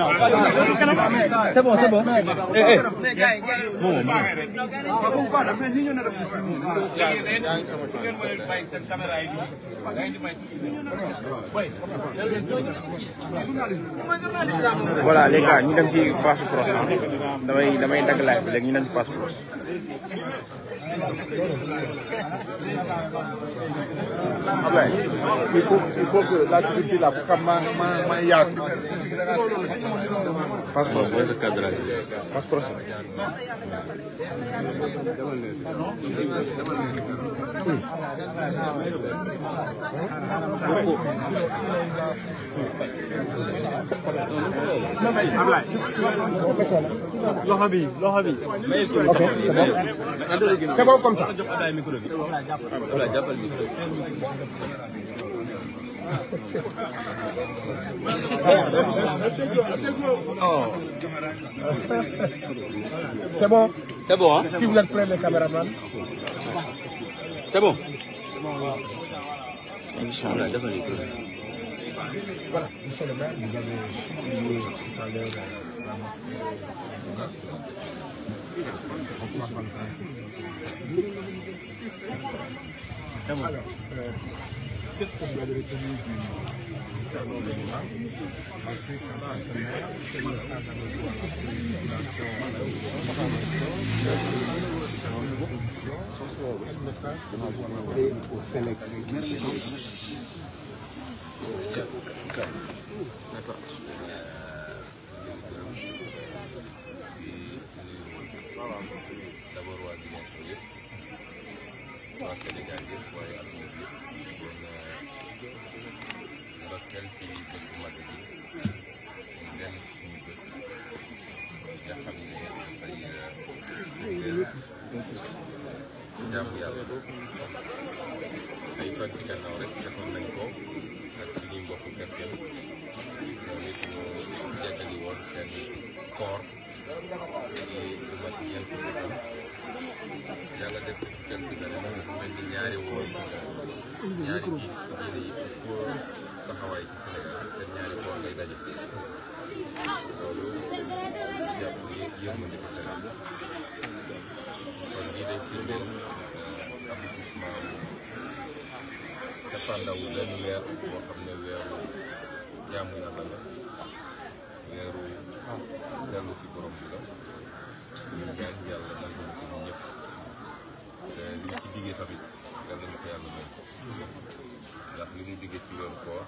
ginnaaw c'est bon c'est bon eh eh non voilà les gars ñu dem ci passe pros ah. damay damay dagg live bi léegi ñu dem ci passe pros Ablaye il faut il faut que la sécurité là bu xam maa maa maa yaatu. passeport mooy le cadre la. passeport. Please. loxo bi loxo bi. ok c'est bon. c'est bon comme ça. Oh. C'est bon. C'est bon, hein? Si vous êtes prêts, les caméramans. C'est bon Inch'Allah. Voilà, monsieur le maire, vous avez souligné tout à l'heure euh, la marque Alors, euh, peut-être que vous avez retenu du salon de Joie, parce que quand on est maire, c'est le salon de Joie, c'est une relation, Quel message c'est au Sénégal d'abord waa Ziguinchor yëpp waa Sénégal yëpp waaye ak moom yëpp doon ndokkeel ci daje loolu jàpp ni yërmande ko seen am kon lii day firndeel aboutissement cappaandawu benn weer boo xam ne weeru jaamu yàlla la weeru dellu ci borom bi la ñu ñaan yàlla nangu ci ñun ñëpp li ci diggee tamit yàlla na ko yàlla may ndax li mu diggee ci weeru koor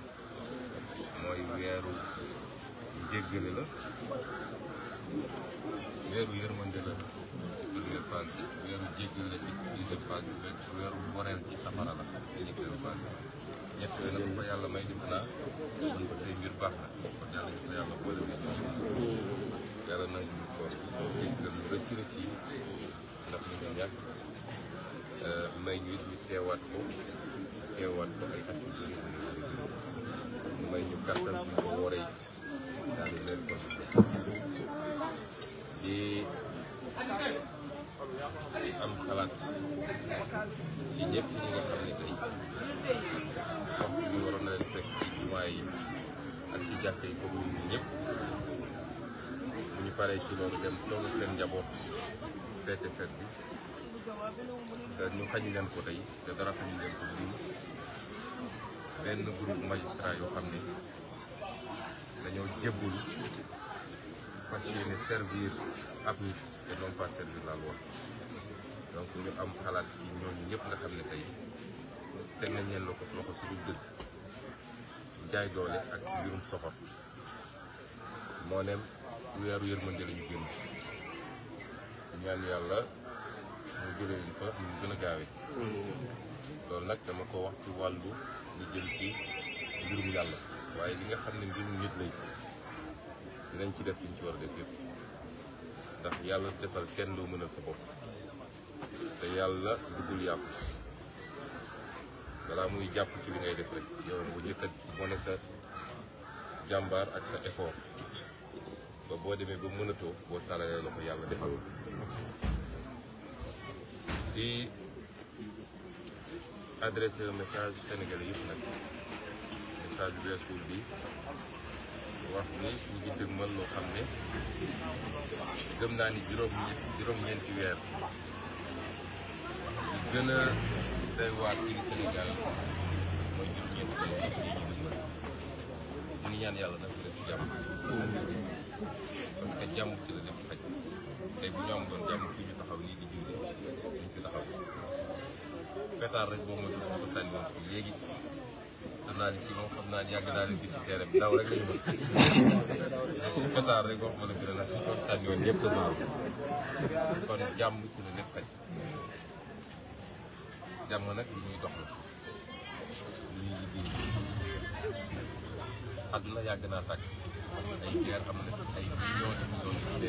weeru la weeru yërmande la première phase weeru jéggale la ci deuxième phase bi fekk weeru boreel la première phase ñett yooyu nag ko yàlla may def naa mën ko say mbir baax na kon yàlla ñu ko yàlla boole euh, teewaat ko teewaat ko ay at yu bëri may ñu kàttan bi ñu waree daal di leen ko di am ci ñëpp ñi nga xam ne tey waxtu bi waroon na leen ci jumaa ak ci jàkk yi comme ñun ñëpp bu ñu paree ci loolu dem toog seen njaboot feete feet bi te xañ leen ko tey te dara xañ leen ko benn groupe magistrat yoo xam ne dañoo jébbul fas servir ab nit et non pas servir la loi donc ñu am xalaat ci ñooñu ñëpp nga xam ne tey teg nañ leen loxo loxo su dul dëgg jaay doole ak ci mbirum soxor moo ne weeru yërmande la ñu génn ñaan yàlla mu jëlee ñu fa mu gën a gaawee. loolu nag dama ko wax ci wàllu lu jëm ci mbirum yàlla waaye li nga xam ne mbirum nit lay dinañ ci def liñ ci war a def yëpp ndax yàlla defal kenn doo mënal sa bopp te yàlla duggul yàpp balaa muy jàpp ci li ngay def rek yow bu njëkk a wane sa jàmbaar ak sa effort ba boo demee ba mënatoo boo tàllalee loxo yàlla defal di adressé un message sénégalais yëpp nag message weesul bi wax ni ñu ngi dëgmal loo xam ne gëm naa ni juróom juróom-ñeenti weer gën a day waar ci Sénégal mooy juróom-ñeenti weer yi ñu dëgmal mu ngi ñaan yàlla nag def jàmm parce que jàmm ci la lépp xaj tey bu ñu amoon jàmm fi ñu taxaw nii di julli dañ ci taxaw pétard rek boo moytuwul moom ko sànni woon fii léegi journaliste yi moom xam naa yàgg naa leen gis si terrain bi daw rek la ñu ci la lépp xaj jàmm yàgg naa tàkk ay guerre am na ay millions de millions de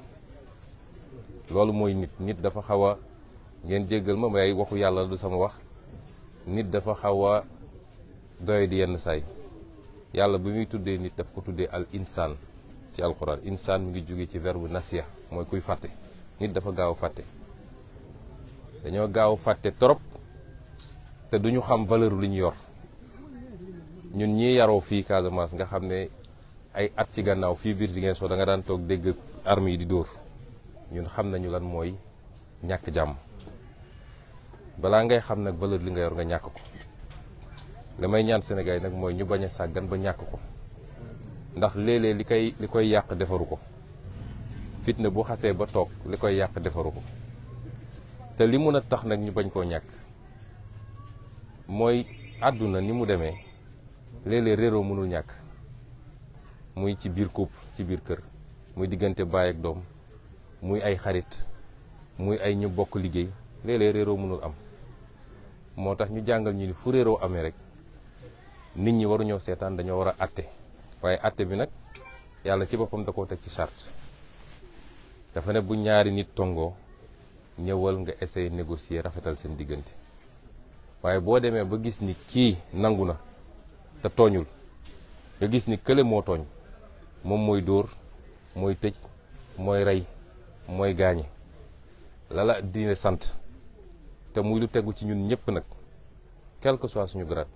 loolu mooy nit nit dafa xaw a ngeen jéggal ma may waxu yàlla du sama wax nit dafa xaw a doy di yenn saay yàlla bi muy tuddee nit daf ko tuddee al insaan ci alquran insaan mi ngi jóge ci verbe nasiya mooy kuy fàtte nit dafa gaaw fàtte dañoo gaaw fàtte trop te duñu xam valeur lu ñu yor ñun ñii yaroo fii Casamance nga xam ne ay at ci gannaaw fii biir Ziguinchor da nga daan toog dégg armes yi di dóor ñun xam nañu lan mooy ñàkk jàmm balaa ngay xam nag valeur li nga yor nga ñàkk ko li may ñaan Sénégal yi nag mooy ñu bañ a sàggan ba ñàkk ko ndax léeg li koy li koy yàq defaru ko fitna bu xasee ba toog li koy yàq defaru ko te li mun a tax nag ñu bañ koo ñàkk mooy àdduna ni mu demee léeg-léeg mënul ñàkk muy ci biir couple ci biir kër muy diggante bàyyi ak doom muy ay xarit muy ay ñu bokk liggéey léeg-léeg réeroo mënul am moo tax ñu jàngal ñu ni fu réeroo amee rek nit ñi waruñoo seetaan dañoo war a atte waaye atte bi nag yàlla ci boppam da koo teg ci charte dafa ne bu ñaari nit tongoo ñëwal nga essayer négocier rafetal seen diggante waaye boo demee ba gis ni kii nangu na te tooñul nga gis ni kële moo tooñ moom mooy dóor mooy tëj mooy rey mooy gaañi lala diine sant te muy lu tegu ci ñun ñëpp nag quelque que suñu grade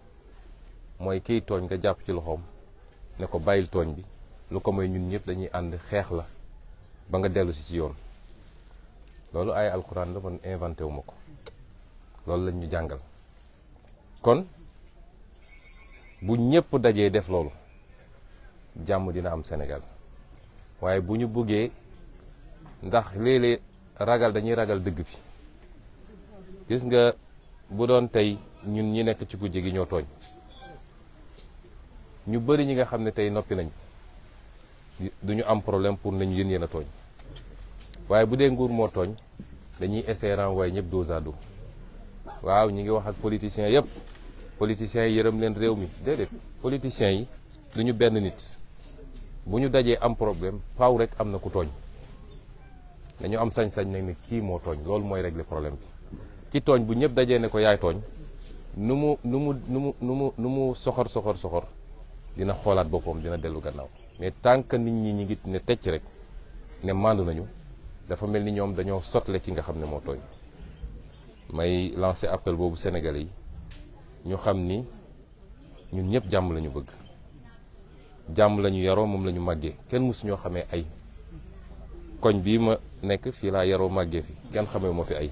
mooy kiy tooñ nga jàpp ci loxoom ne ko bàyyil tooñ bi lu ko moy ñun ñëpp dañuy ànd xeex la ba nga dellu si ci yoon loolu ay alxuraan la man inventé wu ma ko loolu lañ ñu jàngal kon bu ñëpp dajee def loolu jàmm dina am Sénégal waaye bu ñu buggee ndax léeg-léeg ragal dañuy ragal dëgg bi gis nga bu doon tey ñun ñi nekk ci kujje gi ñoo tooñ ñu bëri ñi nga xam ne tey noppi nañ duñu am problème pour nañu yéen yéen a tooñ waaye bu dee nguur moo tooñ dañuy essayer renvoyer ñëpp dos à dos waaw ñi ngi wax ak politiciens yëpp politiciens yi yërëm leen réew mi déedéet politiciens yi ñu benn nit bu ñu dajee am problème paw rek am na ku tooñ dañu am sañ-sañ nag ni kii moo tooñ loolu mooy régler problème bi ki tooñ bu ñëpp dajee ne ko yaay tooñ nu mu nu mu nu mu nu mu soxor soxor soxor dina xoolaat boppam dina dellu gannaaw mais tant que nit ñi ñi ngi ne tecc rek ne màndu nañu dafa mel ni ñoom dañoo sotle ki nga xam ne moo tooñ may lancer appel boobu Sénégalais yi ñu xam ni ñun ñëpp jàmm lañu bëgg jàmm lañu yaroo moom la ñu màggee kenn mësuñoo xamee ay koñ bii ma nekk fii laa yaroo màggee fi kenn xamee fi ay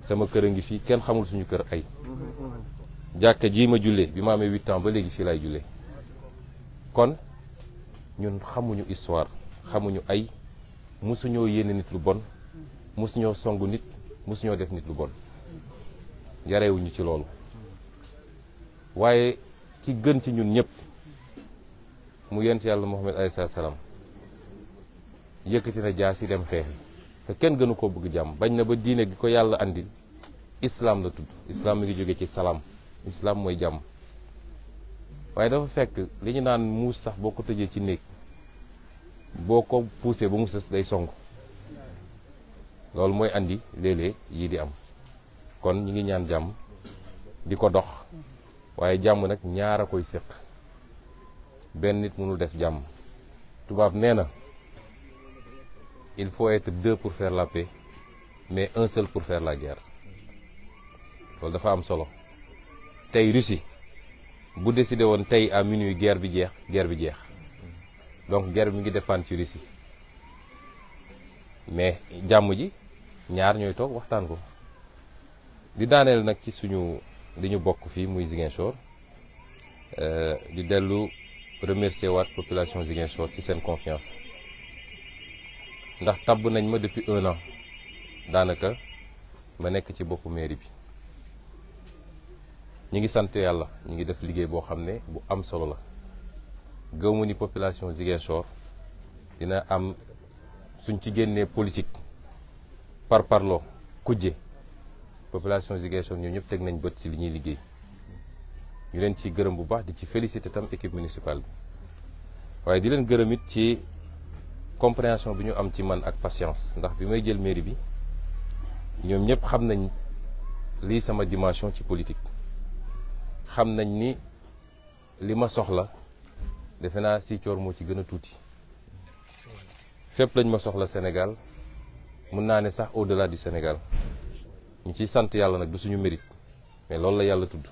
sama kër a ngi fii kenn xamul suñu kër ay jàkka jii ma julle bi ma amee huit ans ba léegi fii laay jullee kon ñun xamuñu histoire xamuñu ay mosuñoo yéene nit lu bon mosuñoo song nit mosuñoo def nit lu bon yarewuñu ci loolu waaye ki gën ci ñun ñëpp mu yent yàlla Muhammad alayhi salaam yëkkati na jaas yi dem xeexi te kenn gënu koo bëgg jàmm bañ na ba diine gi ko yàlla andil islaam la tudd islaam mi ngi jóge ci salaam islaam mooy jàmm waaye dafa fekk li ñu naan muus sax boo ko tëjee ci néeg boo ko puusee ba mu sës day song loolu mooy indi léeg-léeg yii di am kon ñu ngi ñaan jàmm di ko dox waaye jàmm nag ñaar a koy séq benn nit mënul def jàmm tubaab nee na il faut être deux pour faire la paix mais un seul pour faire la guerre loolu dafa am solo tey Russie bu décidé woon tey à minuit guerre bi jeex guerre bi jeex donc guerre bi ngi dépendre ci Russie mais jàmm ji ñaar ñooy toog waxtaan ko di daaneel nag ci suñu li ñu bokk fii muy Ziguinchor euh, di dellu remercier waat population Ziguinchor ci seen confiance ndax tabb nañ ma depuis un an daanaka ma nekk ci boppu mairie bi ñu ngi sant yàlla ñu ngi def liggéey boo xam ne bu am solo la gëw ma ni population Ziguinchor dina am suñ ci génnee politique par parlo kujje population Ziguinchor ñoo ñëpp teg nañ bët ci li ñuy liggéey ñu leen ci gërëm bu baax di ci féliciter tam équipe municipale bi waaye di leen gërëm it ci compréhension bi ñu am ci man ak patience ndax bi may jël mairie bi ñoom ñëpp xam nañ lii sama dimension ci politique xam nañ ni li ma soxla defe naa si moo ci gën a tuuti fépp lañ ma soxla Sénégal mun naa ne sax au la du Sénégal ñu ciy sant yàlla nag du suñu mérite mais loolu la yàlla tudd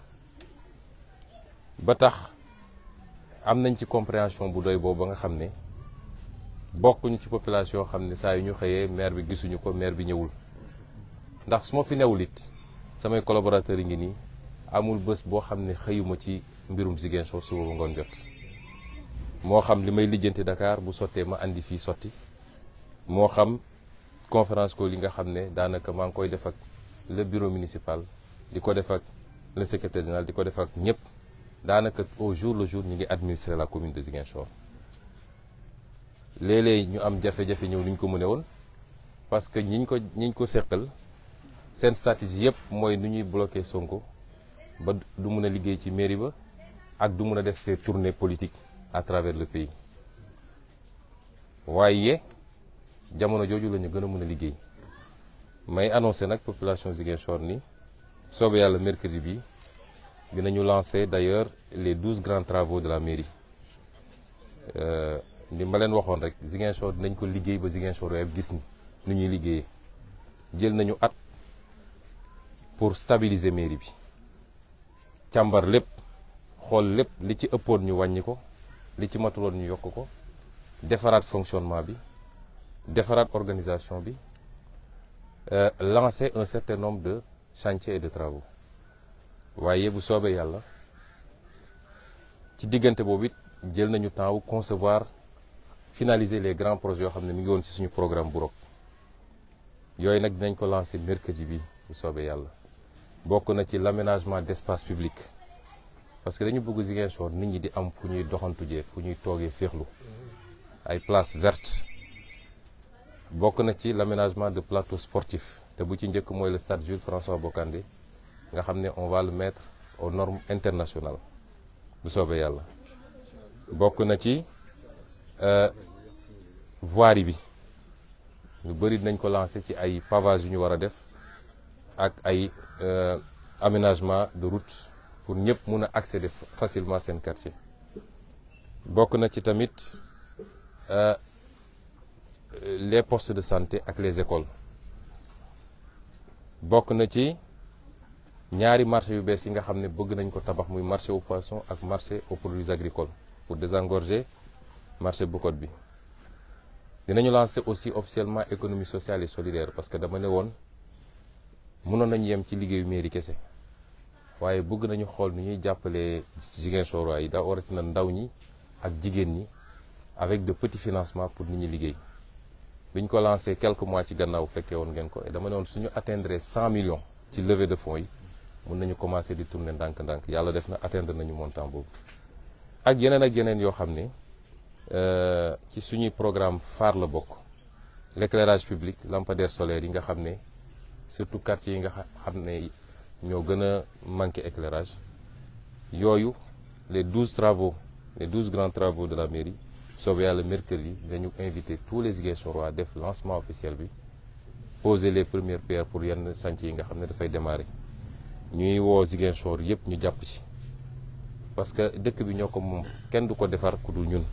ba tax am nañ ci compréhension bu doy boobu ba nga xam ne bokkuñu ci population xam ne saa yu ñu xëyee maire bi gisuñu ko maire bi ñëwul ndax su ma fi newul it samay collaborateurs yi ngi nii amul bés boo xam ne xëyuma ci mbirum Ziguinchor suba ba ngoon jot moo xam li may lijjanti dakaar bu sottee ma indi fii sotti moo xam conférence ko li nga xam ne daanaka maa ngi koy def ak le bureau municipal di ko def ak le secrétaire général di ko def ak ñëpp daanaka au jour le jour ñu ngi administrer la commune de Ziguinchor léeg-léeg ñu am jafe-jafe ñëw ni ñu ko mëne woon parce que ñiñ ko ñiñ ko seqal seen stratégie yëpp mooy nu ñuy bloquer Sonko ba du mun a liggéey ci mairie ba ak du mun a def ses tournées politiques à travers le pays waaye jamono jooju lañu gën a mun a liggéey may annoncé nag population Ziguinchor ni soobe yàlla mercredi bi dinañu lancer d' ailleurs les douze grands travaux de la mairie. Euh, li ma leen waxoon rek Ziguinchor dinañ ko liggéey ba Ziguinchor weer gis ni nu ñuy liggéeyee jël nañu at pour stabiliser mairie bi càmbar lépp xool lépp li ci ëppoon ñu wàññi ko li ci matuloon ñu yokk ko defaraat fonctionnement bi defaraat organisation bi euh, lancer un certain nombre de chantiers et de travaux waaye bu soobee yàlla ci diggante boobu it jël nañu temps wu concevoir finaliser les grands projets yoo xam ne mi ngi woon ci suñu programme bu rog yooyu nag dinañ ko lancer mercredi bi bu soobee yàlla bokk na ci l'aménagement d'espace public parce que dañu bëgg Ziguinchor nit ñi di am fu ñuy doxantujee fu ñuy toogee féexlu ay place verte bokk na ci l'aménagement de plateau sportif te bu ci njëkk mooy le stade Jules François Bocandé nga xam ne on va au norme aux bu soobee yàlla bokk na ci Euh, voirie bi ñu bëri dinañ ko lancé ci ay pavage yu ñu war a def ak ay euh, aménagement de route pour ñëpp mun a accéder facilement seen quartier bokk na ci tamit euh, les postes de santé ak les écoles bokk na ci ñaari marché yu bees yi nga xam ne bëgg nañ ko tabax muy marché aux poissons ak marché aux produits agricoles pour désengorger marché Bukot bi dinañu lancer aussi officiellement économie sociale et solidaire parce que dama ne woon mënoon nañu yem ci liggéeyu mairie kese waaye bëgg nañu xool ni ñuy jàppalee jàppale Ziguinchor yi daa warati na ndaw ñi ak jigéen ñi avec de petits financement pour nit ñi liggéey bi ñu ko lancé quelques mois ci gannaaw fekkee woon ngeen ko dama ne woon suñu atteindre cent million ci levée de fonds yi mun nañu commencé di tourner ndànk-ndànk yàlla def na atteindre nañu montant boobu ak yeneen ak yeneen yoo xam ne Euh, ci suñuy programme phare la bokk l'éclairage public lampadaire solaire yi nga xam ne surtout quartier yi nga xam ne ñoo gën a manqué éclairage yooyu les douze travaux les douze grands travaux de la mairie soobee yàlla mercredi dañu invité tous les Ziguinchorois def lancement officiel bi pose les premières pierres pour yenn chantier yi nga xam ne dafay démarrer ñuy woo Ziguinchor yëpp ñu jàpp ci parce que dëkk bi ñoo ko moom kenn du ko defar ku dul ñun.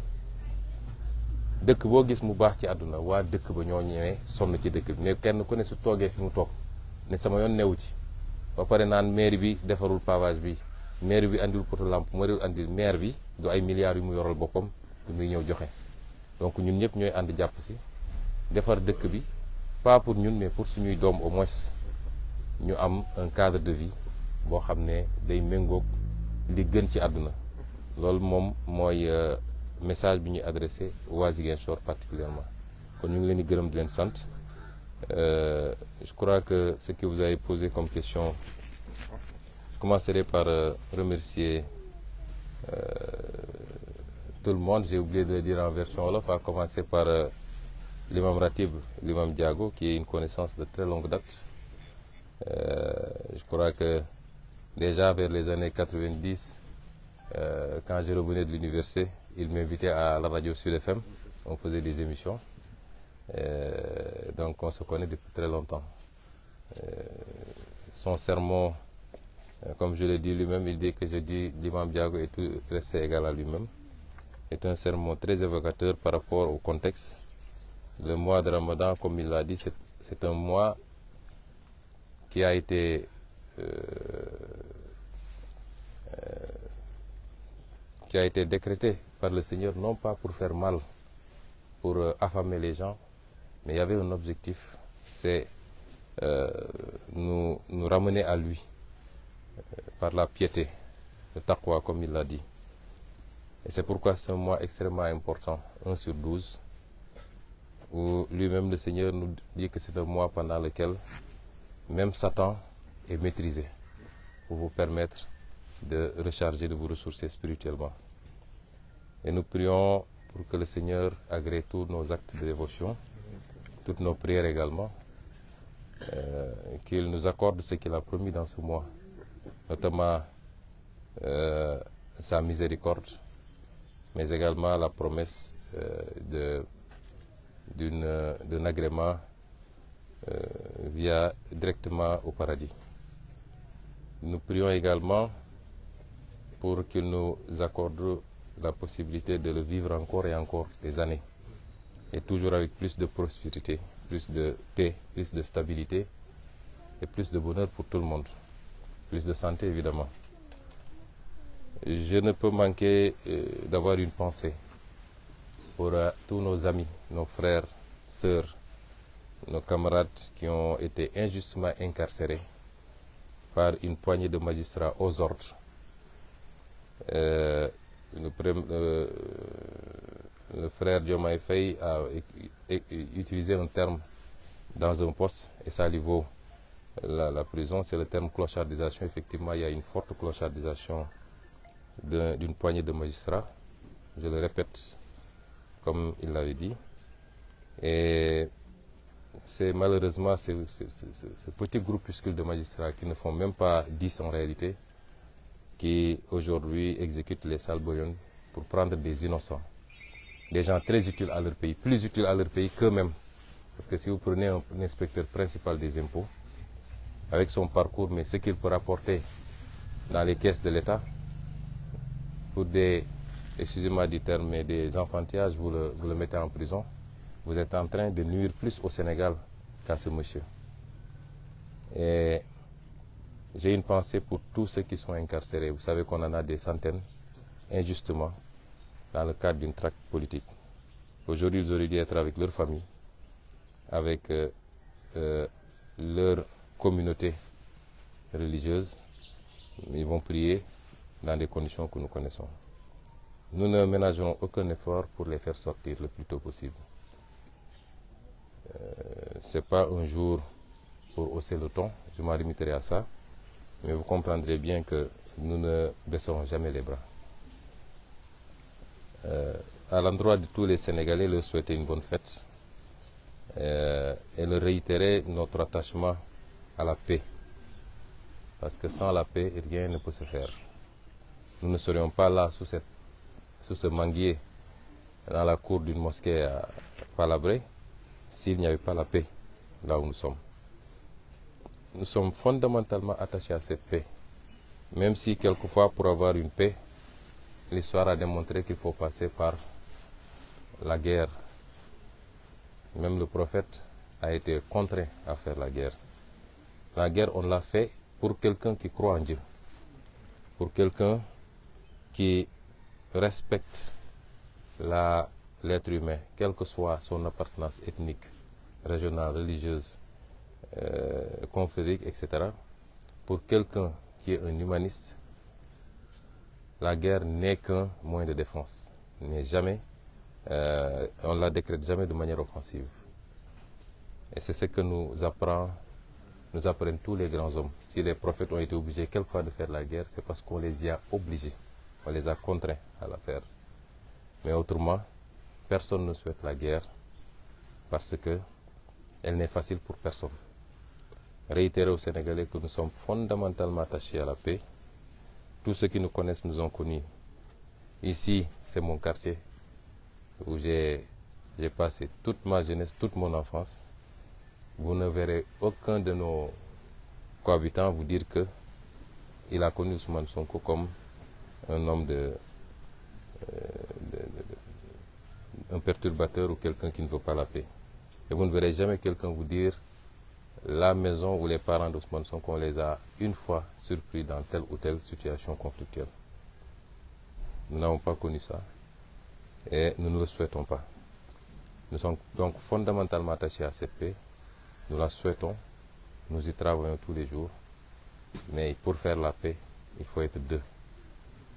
dëkk boo gis mu baax ci àdduna waa dëkk ba ñoo ñëwee sonn ci dëkk bi mais kenn ku ne su toogee fi mu toog ne sama yoon newu ci ba pare naan maire bi defarul pavage bi maire bi andil poto lampe maire andil maire bi du ay milliards yu mu yoral boppam yu muy ñëw joxe donc ñun ñëpp ñooy ànd jàpp si defar dëkk bi pas pour ñun mais pour suñuy doom au moins ñu am un cadre de vie boo xam ne day méngoog li gën ci àdduna loolu moom mooy euh, message bi ñuy adressé waa Ziguinchor particulièrement kon ñu ngi leen di gërëm di leen sant euh, je crois que ce que vous avez posé comme question je commencerai par euh, remercier euh, tout le monde j'ai oublié de le dire en version wolof à commencer par euh, l'imam Ratib l'imam Diago qui est une connaissance de très longue date euh, je crois que déjà vers les années 90 quand je revenais de l'université il m'invitait à la radio Sud FM. On faisait des émissions. Euh, donc on se connaît depuis très longtemps. Euh, son sermon, euh, comme je l'ai dit lui-même, il dit que je dis l'imam Diago et tout restait égal à lui-même. est un sermon très évocateur par rapport au contexte. Le mois de Ramadan, comme il l'a dit, c'est un mois qui euh, qui a été décrété par le Seigneur, non pas pour faire mal, pour euh, affamer les gens, mais il y avait un objectif, c'est euh, nous, nous ramener à lui euh, par la piété, le taqwa comme il l'a dit. Et c'est pourquoi c'est un mois extrêmement important, 1 sur 12, où lui-même le Seigneur nous dit que c'est un mois pendant lequel même Satan est maîtrisé pour vous permettre de recharger, de vous ressourcer spirituellement. Et nous prions pour que le Seigneur agrée tous nos actes de dévotion, toutes nos prières également, euh, qu'il nous accorde ce qu'il a promis dans ce mois, notamment euh, sa miséricorde, mais également la promesse euh, d'un agrément euh, via directement au paradis. Nous prions également pour qu'il nous accorde la possibilité de le vivre encore et encore des années. Et toujours avec plus de prospérité, plus de paix, plus de stabilité et plus de bonheur pour tout le monde. Plus de santé, évidemment. Je ne peux manquer euh, d'avoir une pensée pour euh, tous nos amis, nos frères, sœurs, nos camarades qui ont été injustement incarcérés par une poignée de magistrats aux ordres. Euh, le, euh, le frère Diomaye Faye a utilisé un terme dans un poste et ça lui vaut la, la prison, c'est le terme clochardisation. Effectivement, il y a une forte clochardisation d'une poignée de magistrats, je le répète comme il l'avait dit. Et c'est malheureusement ce, ce, ce, ce petit groupuscule de magistrats qui ne font même pas dix en réalité, qui aujourd'hui exécutent les salboyons pour prendre des innocents. Des gens très utiles à leur pays, plus utiles à leur pays qu'eux-mêmes. Parce que si vous prenez un, un, inspecteur principal des impôts, avec son parcours, mais ce qu'il peut rapporter dans les caisses de l'État, pour des, excusez-moi du terme, mais des enfantillages, vous le, vous le mettez en prison, vous êtes en train de nuire plus au Sénégal qu'à ce monsieur. J'ai une pensée pour tous ceux qui sont incarcérés. Vous savez qu'on en a des centaines, injustement, dans le cadre d'une traque politique. Aujourd'hui, ils auraient dû être avec leur famille, avec euh, euh, leur communauté religieuse. Ils vont prier dans des conditions que nous connaissons. Nous ne ménagerons aucun effort pour les faire sortir le plus tôt possible. Euh, pas un jour pour hausser le temps je m'en remettrai à ça. Mais vous comprendrez bien que nous ne baisserons jamais les bras. Euh, à l'endroit de tous les Sénégalais, leur souhaiter une bonne fête euh, et leur réitérer notre attachement à la paix. Parce que sans la paix, rien ne peut se faire. Nous ne serions pas là sous, ce manguier, dans la cour d'une mosquée à Palabré, s'il n'y avait pas la paix là où nous sommes. nous sommes fondamentalement attachés à cette paix. Même si quelquefois, pour avoir une paix, l'histoire a démontré qu'il faut passer par la guerre. Même le prophète a été contraint à faire la guerre. La guerre, on l'a fait pour quelqu'un qui croit en Dieu, pour quelqu'un qui respecte la humain, quelle que soit son appartenance ethnique, régionale, religieuse, euh, confrériques, etc. Pour quelqu'un qui est un humaniste, la guerre n'est qu'un moyen de défense, n'est jamais, euh, on la décrète jamais de manière offensive. Et c'est ce que nous apprend, nous apprennent tous les grands hommes. Si les prophètes ont été obligés quelquefois de faire la guerre, c'est parce qu'on les y a obligés, on les a contraints à la faire. Mais autrement, personne ne souhaite la guerre parce que elle n'est facile pour personne. réitérer aux Sénégalais que nous sommes fondamentalement attachés à la paix. tout ceux qui nous connaissent nous ont connus. Ici, c'est mon quartier où j'ai passé toute ma jeunesse, toute mon enfance. Vous ne verrez aucun de nos cohabitants vous dire que il a connu Ousmane Sonko comme un homme de, euh, un perturbateur ou quelqu'un qui ne veut pas la paix. Et vous ne verrez jamais quelqu'un vous dire la maison ou les parents d'Ousmane Sonko, on les a une fois surpris dans telle ou telle situation conflictuelle. Nous n'avons pas connu ça et nous ne le souhaitons pas. Nous sommes donc fondamentalement attachés à cette paix. Nous la souhaitons, nous y travaillons tous les jours. Mais pour faire la paix, il faut être deux.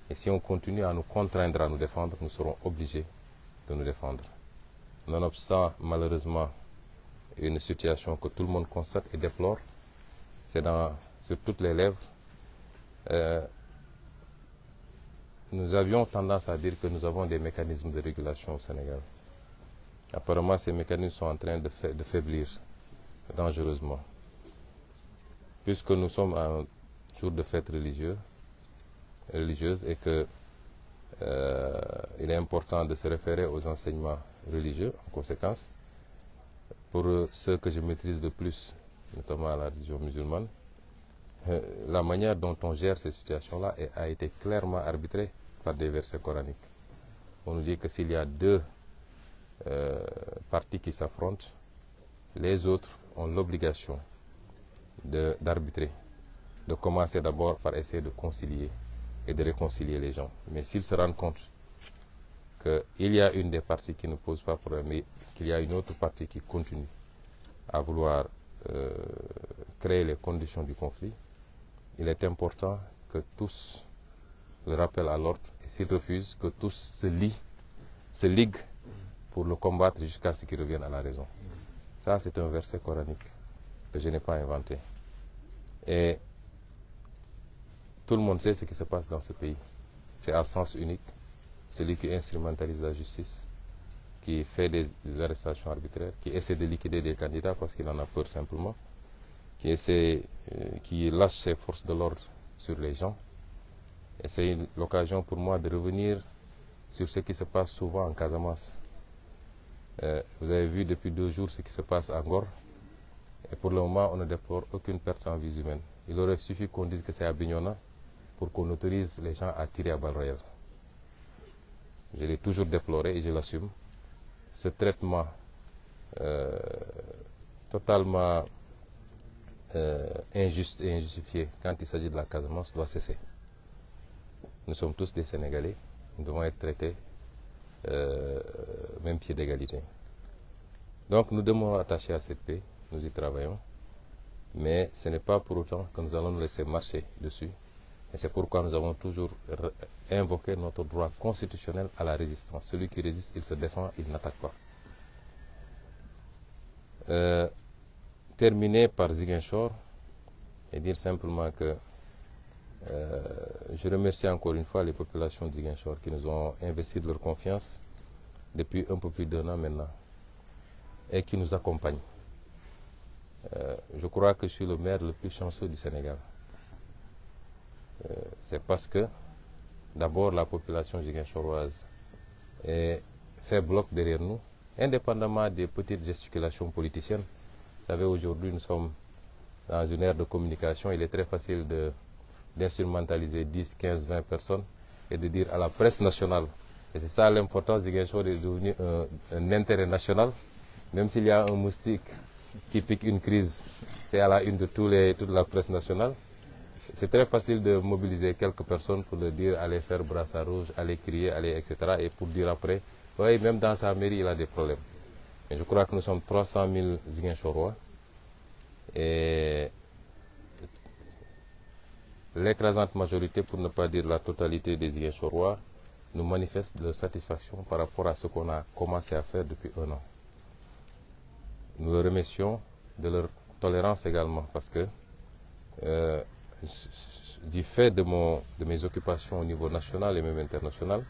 Et si on continue à nous contraindre à nous défendre, nous serons obligés de nous défendre. Nonobstant, malheureusement, une situation que tout le monde constate et déplore. C'est sur toutes les lèvres. Euh, nous avions tendance à dire que nous avons des mécanismes de régulation au Sénégal. Apparemment, ces mécanismes sont en train de, de faiblir dangereusement. Puisque nous sommes à jour de fête religieuse, religieuse et que euh, il est important de se référer aux enseignements religieux en conséquence, pour euh, ce que je maîtrise de plus, notamment la religion musulmane, euh, la manière dont on gère ces situations-là a été clairement arbitrée par des versets coraniques. On nous dit que s'il y a deux euh, parties qui s'affrontent, les autres ont l'obligation d'arbitrer, de, de commencer d'abord par essayer de concilier et de réconcilier les gens. Mais s'ils se rendent compte qu'il y a une des parties qui ne pose pas problème, mais qu'il y a une autre partie qui continue à vouloir euh, créer les conditions du conflit, il est important que tous le rappellent à l'ordre et s'ils refusent, que tous se lient, se liguent pour le combattre jusqu'à ce qu'ils reviennent à la raison. Ça, c'est un verset coranique que je n'ai pas inventé. Et tout le monde sait ce qui se passe dans ce pays. C'est à sens unique. celui qui instrumentalise la justice, qui fait des, des arrestations arbitraires, qui essaie de liquider des candidats parce qu'il en a peur simplement, qui, essaie, euh, qui lâche ses forces de l'ordre sur les gens. Et c'est l'occasion pour moi de revenir sur ce qui se passe souvent en Casamance. Euh, vous avez vu depuis deux jours ce qui se passe à Gore. Et pour le moment, on ne déplore aucune perte en vie humaine. Il aurait suffi qu'on dise que c'est à pour je l'ai toujours déploré et je l'assume, ce traitement euh, totalement euh, injuste et injustifié quand il s'agit de la Casamance doit cesser. Nous sommes tous des Sénégalais, nous devons être traités euh, même pied d'égalité. Donc nous demeurons attachés à cette paix, nous y travaillons, mais ce n'est pas pour autant que nous allons nous laisser marcher dessus. Et c'est pourquoi nous avons toujours invoquer notre droit constitutionnel à la résistance. Celui qui résiste, il se défend, il n'attaque pas. Euh, par Ziguinchor et dire simplement que euh, je remercie encore une fois les populations Ziguinchor qui nous ont investi de leur confiance depuis un peu plus d'un an maintenant et qui nous accompagnent. Euh, je crois que je suis le maire le plus chanceux du Sénégal. Euh, c'est parce que d'abord la population ziguinchoroise fait bloc derrière nous, indépendamment des petites gesticulations politiciennes. Vous savez, aujourd'hui, nous sommes dans une ère de communication. Il est très facile d'instrumentaliser 10, 15, 20 personnes et de dire à la presse nationale. Et c'est ça l'importance Ziguinchor est devenu un, un intérêt national. Même s'il y a un moustique qui pique une crise, c'est à la une de les, toute la presse nationale. c'est très facile de mobiliser quelques personnes pour leur dire allez faire brassard rouge, allez crier, allez etc. Et pour dire après, oui, même dans sa mairie, il a des problèmes. je crois que nous sommes 300 000 Ziguinchorois. Et l'écrasante majorité, pour ne pas dire la totalité des Ziguinchorois, nous manifeste leur satisfaction par rapport à ce qu'on a commencé à faire depuis un an. Nous leur remercions de leur tolérance également parce que euh, du fait de, mon, de mes occupations au niveau national et même international,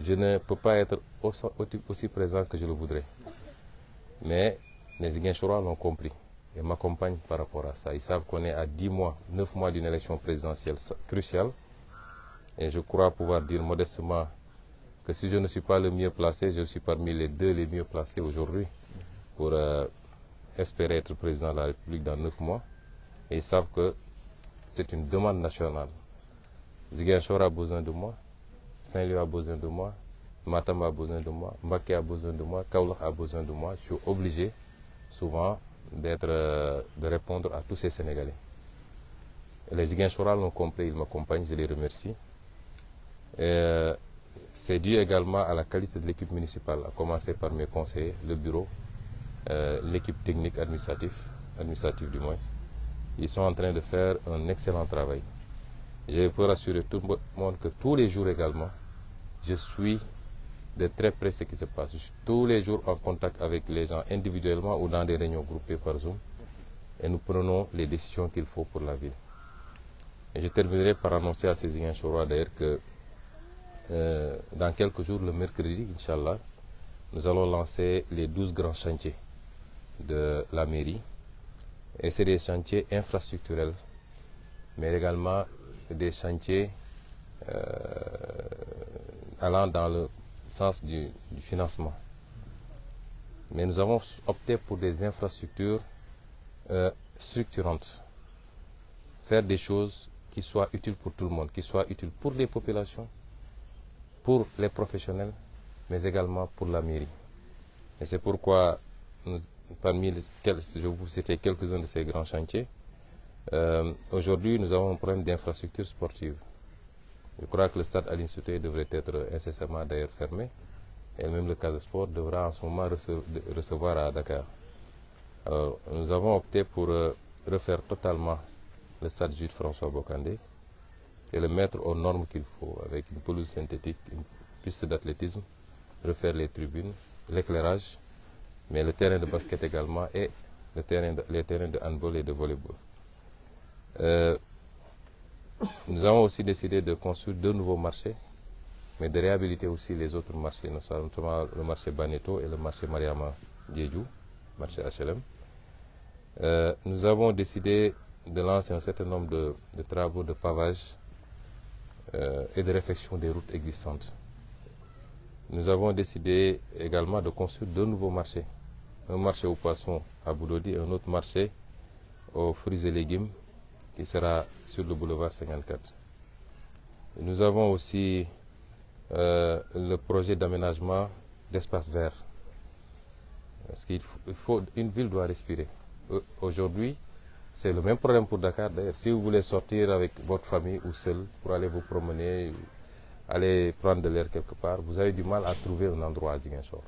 je ne peux pas être aussi, aussi présent que je le voudrais. Mais les Ziguinchorois l'ont compris et m'accompagnent par rapport à ça. Ils savent qu'on est à 10 mois, 9 mois d'une élection présidentielle cruciale. Et je crois pouvoir dire modestement que si je ne suis pas le mieux placé, je suis parmi les deux les mieux placés aujourd'hui pour euh, espérer être président de la République dans 9 mois. Et ils C'est une demande nationale. Ziguinchor a besoin de moi, Saint-Louis a besoin de moi, Matam a besoin de moi, Mbacké a besoin de moi, Kaolack a besoin de moi. Je suis souvent d'être euh, de répondre à tous ces Sénégalais. Et les Ziguinchoraux l'ont compris, ils m'accompagnent, je les remercie. Et euh, c'est dû également à la qualité de l'équipe municipale, à commencer par mes conseillers, le bureau, euh, l'équipe technique administrative, du moins. Ils sont en train de faire un excellent travail. Je peux rassurer tout le monde que tous les jours également, je suis de très près ce qui se passe. tous les jours en contact avec les gens individuellement ou dans des réunions groupées par Zoom. Et nous prenons les décisions qu'il faut pour la ville. Et je terminerai par annoncer à ces Chorois d'ailleurs que euh, dans quelques jours, le mercredi, allah nous allons lancer les 12 grands chantiers de la Et c'est des chantiers infrastructurels, mais également des chantiers euh, allant dans le sens du, du financement. Mais nous avons opté pour des infrastructures euh, structurantes. Faire des choses qui soient utiles pour tout le monde, qui soient utiles pour les populations, pour les professionnels, mais également pour la mairie. Et c'est pourquoi parmi lesquels je vous citer quelques-uns de ces grands chantiers. Euh, Aujourd'hui, nous avons un problème d'infrastructure sportive. Je crois que le stade Aline Souté devrait être incessamment d'ailleurs fermé. Et même le Casa Sport devra en ce moment recevoir à Dakar. Alors, nous avons opté pour euh, refaire totalement le stade Jules François Bocandé et le mettre aux normes qu'il faut, avec une pelouse synthétique, une piste d'athlétisme, refaire les tribunes, l'éclairage, mais le terrain de basket également et le terrain de, les terrains de handball et de volleyball. Euh, nous avons aussi décidé de construire deux nouveaux marchés, mais de réhabiliter aussi les autres marchés, notamment le marché Baneto et le marché Mariama Diédjou, marché HLM. Euh, nous avons décidé de lancer un certain nombre de, de travaux de pavage euh, et de réfection des routes existantes. Nous avons décidé également de construire deux nouveaux marchés un marché aux poissons à Boulodi un autre marché aux fruits et légumes qui sera sur le boulevard 54. Et nous avons aussi euh, le projet d'aménagement d'espaces verts. Parce qu'il faut, faut, une ville doit respirer. Euh, aujourd'hui, c'est le même problème pour Dakar. Si vous voulez sortir avec votre famille ou seul pour aller vous promener, aller prendre de l'air quelque part, vous avez du mal à trouver un endroit à Ziguinchor.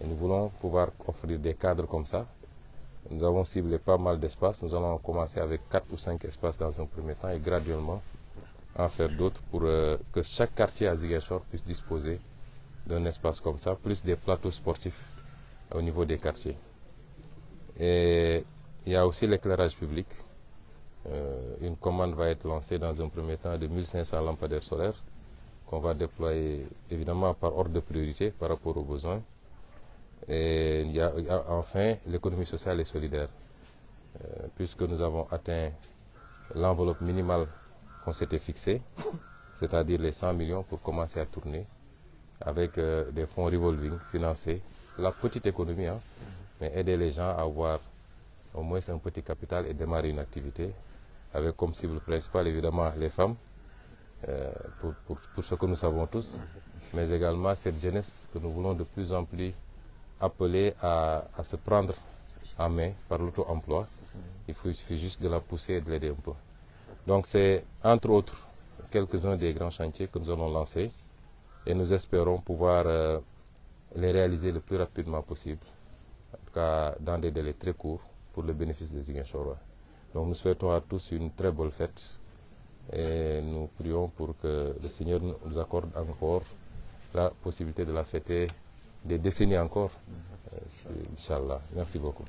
Et nous voulons pouvoir offrir des cadres comme ça. Nous avons ciblé pas mal d'espaces. Nous allons commencer avec 4 ou 5 espaces dans un premier temps et graduellement en faire d'autres pour euh, que chaque quartier à Ziguinchor puisse disposer d'un espace comme ça, plus des plateaux sportifs au niveau des quartiers. Et il y a aussi l'éclairage public. Euh, une commande va être lancée dans un premier temps de 1500 lampadaires solaires qu'on va déployer évidemment par ordre par rapport aux Et il y a, il y a enfin l'économie sociale et solidaire, euh, puisque nous avons atteint l'enveloppe minimale qu'on s'était fixée, c'est-à-dire les 100 millions pour commencer à tourner avec euh, des fonds revolving financés. La petite économie, hein, mais aider les gens à avoir au moins un petit capital et démarrer une activité, avec comme cible principale évidemment les femmes, euh, pour, pour, pour ce que nous savons tous, mais également cette jeunesse que nous voulons de plus en plus appelé à, à se prendre en main par l'auto-emploi. Il faut, il suffit juste de la pousser et de l'aider un peu. Donc c'est, entre autres, quelques-uns des grands chantiers que nous allons lancer et nous espérons pouvoir euh, les réaliser le plus rapidement possible, en tout dans des délais très courts pour le bénéfice des Iguinchorois. Donc nous souhaitons à tous une très bonne fête et nous prions pour que le Seigneur nous accorde encore la possibilité de la fêter des décennies encore. Euh, incha allah merci beaucoup.